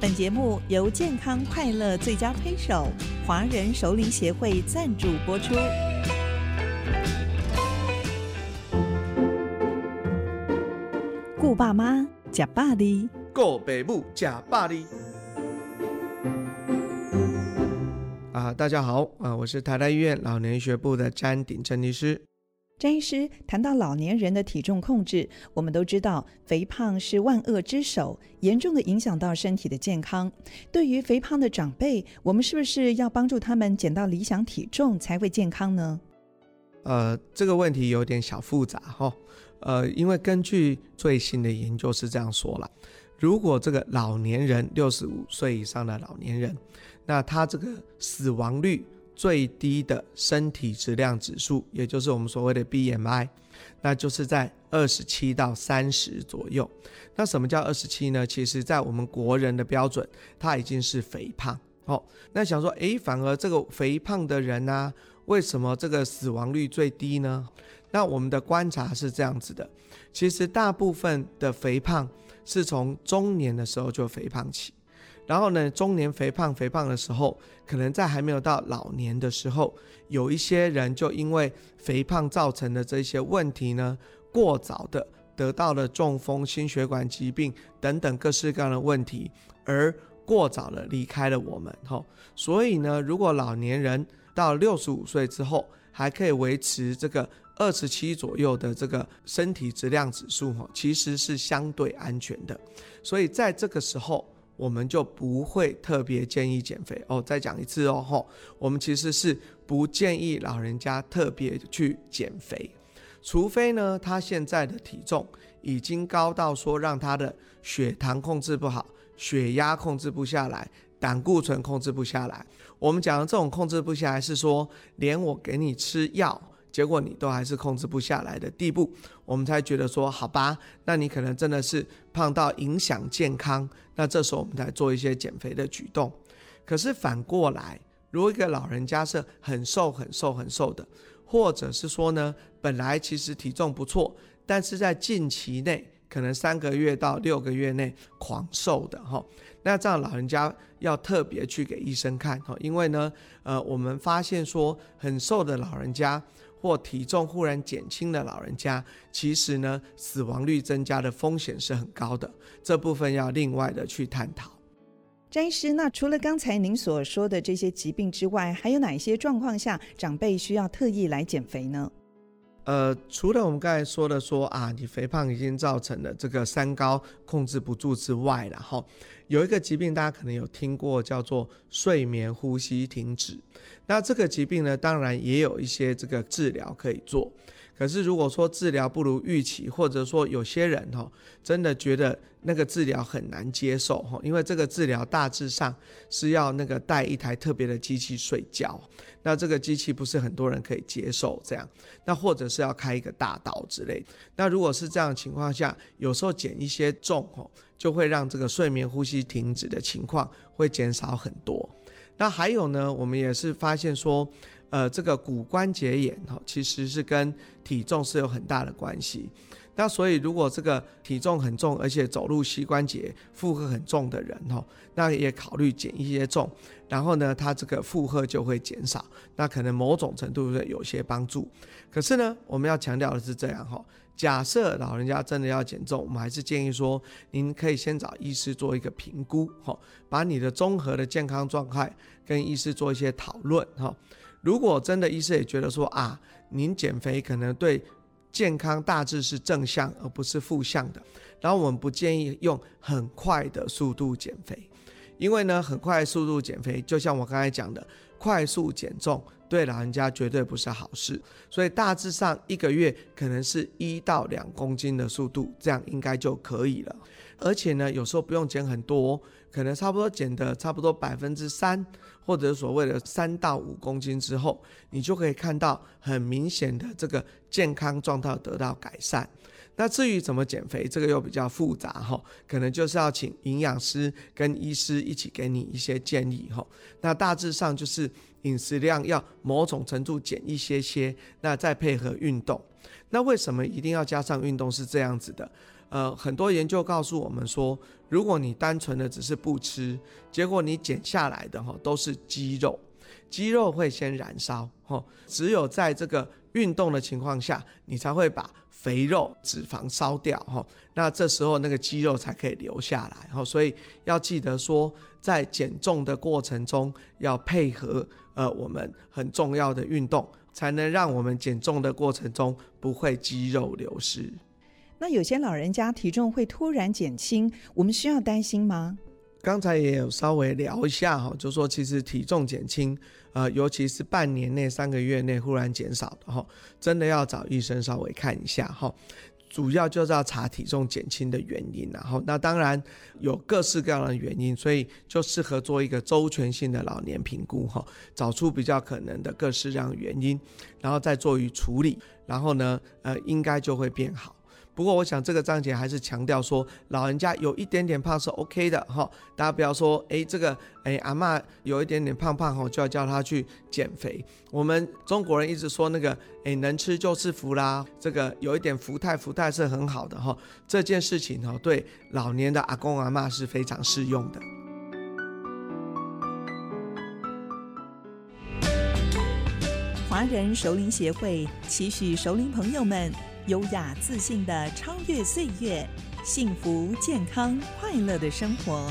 本節目由健康快樂最佳推手華人熟齡協會贊助播出。顧爸媽吃百的，顧爸母吃百的。啊，大家好啊、呃，我是台大醫院老年學部的詹鼎珍醫師。詹醫師談到老年人的體重控制，我們都知道，肥胖是萬惡之首，嚴重的影響到身體的健康。對於肥胖的長輩，我們是不是要幫助他們減到理想體重才會健康呢？呃，這個問題有點小複雜哈。呃，因為根據最新的研究是這樣說了，如果這個老年人，六十五歲以上的老年人，那他這個死亡率，最低的身體質量指數，也就是我們所謂的 BMI，那就是在二十七到三十左右。那什麼叫二十七呢？其實，在我們國人的標準，它已經是肥胖。哦，那想說，哎，反而這個肥胖的人呢，啊，為什麼這個死亡率最低呢？那我們的觀察是這樣子的，其實大部分的肥胖是從中年的時候就肥胖起。然後呢，中年肥胖，肥胖的時候，可能在還沒有到老年的時候，有一些人就因為肥胖造成的這些問題呢，過早的得到了中風、心血管疾病等等各式各樣的問題，而過早的離開了我們，哈、哦。所以呢，如果老年人到六十五歲之後，還可以維持這個二十七左右的這個身體質量指數，哈、哦，其實是相對安全的。所以在這個時候。我們就不會特別建議減肥哦。再講一次哦，吼，我們其實是不建議老人家特別去減肥，除非呢，他現在的體重已經高到說讓他的血糖控制不好，血壓控制不下來，膽固醇控制不下來。我們講的這種控制不下來，是說連我給你吃藥，結果你都還是控制不下來的地步，我們才覺得說好吧，那你可能真的是胖到影響健康，那這時候我們才做一些減肥的舉動。可是反過來，如果一個老人家是很瘦很瘦很瘦的，或者是說呢，本來其實體重不錯，但是在近期內可能三個月到六個月內狂瘦的吼，那這樣老人家要特別去給醫生看哈，因為呢，呃，我們發現說很瘦的老人家。或體重忽然減輕的老人家，其實呢，死亡率增加的風險是很高的。這部分要另外的去探討。詹醫師，那除了剛才您所說的這些疾病之外，還有哪一些狀況下長輩需要特意來減肥呢？呃，除了我們剛才說的說，說啊，你肥胖已經造成了這個三高控制不住之外了哈，然後有一個疾病大家可能有聽過，叫做睡眠呼吸停止。那這個疾病呢，當然也有一些這個治療可以做。可是，如果說治療不如預期，或者說有些人哈，真的覺得那個治療很難接受哈，因為這個治療大致上是要那個戴一台特別的機器睡覺，那這個機器不是很多人可以接受這樣，那或者是要開一個大刀之類的，那如果是這樣的情況下，有時候減一些重哦，就會讓這個睡眠呼吸停止的情況會減少很多。那還有呢，我們也是發現說。呃，這個骨關節炎哈，其實是跟體重是有很大的關係。那所以如果這個體重很重，而且走路膝關節負荷很重的人哈，那也考慮減一些重。然後呢，他這個負荷就會減少，那可能某種程度會有些幫助。可是呢，我們要強調的是這樣哈，假設老人家真的要減重，我們還是建議說，您可以先找醫師做一個評估哈，把你的綜合的健康狀態跟醫師做一些討論哈。如果真的，醫生也覺得說啊，您減肥可能對健康大致是正向而不是負向的，然後我們不建議用很快的速度減肥，因為呢，很快速度減肥，就像我剛才講的，快速減重對老人家絕對不是好事，所以大致上一個月可能是一到兩公斤的速度，這樣應該就可以了。而且呢，有時候不用減很多，可能差不多減的差不多百分之三。或者所謂的三到五公斤之後，你就可以看到很明顯的這個健康狀態得到改善。那至於怎麼減肥，這個又比較複雜哈，可能就是要請營養師跟醫師一起給你一些建議哈。那大致上就是飲食量要某種程度減一些些，那再配合運動。那為什麼一定要加上運動是這樣子的？呃，很多研究告訴我們說，如果你單純的只是不吃，結果你減下來的、哦、都是肌肉，肌肉會先燃燒、哦、只有在這個運動的情況下，你才會把肥肉脂肪燒掉、哦、那這時候那個肌肉才可以留下來、哦、所以要記得說，在減重的過程中要配合、呃、我們很重要的運動，才能讓我們減重的過程中不會肌肉流失。那有些老人家體重會突然減輕，我們需要擔心嗎？剛才也有稍微聊一下哈，就說其實體重減輕，呃，尤其是半年內、三個月內忽然減少的哈，真的要找醫生稍微看一下哈，主要就是要查體重減輕的原因，然後那當然有各式各樣的原因，所以就適合做一個周全性的老年評估哈，找出比較可能的各式各樣的原因，然後再做於處理，然後呢，呃，應該就會變好。不過，我想這個章節還是強調說，老人家有一點點胖是 OK 的哈，大家不要說，哎，這個，哎，阿嬤有一點點胖胖哈，就要叫他去減肥。我們中國人一直說那個，哎，能吃就是福啦，這個有一點福態，福態是很好的哈，這件事情哈，對老年的阿公阿嬤是非常適用的。華人熟齡協會期許熟齡朋友們。優雅自信的超越歲月，幸福健康快樂的生活。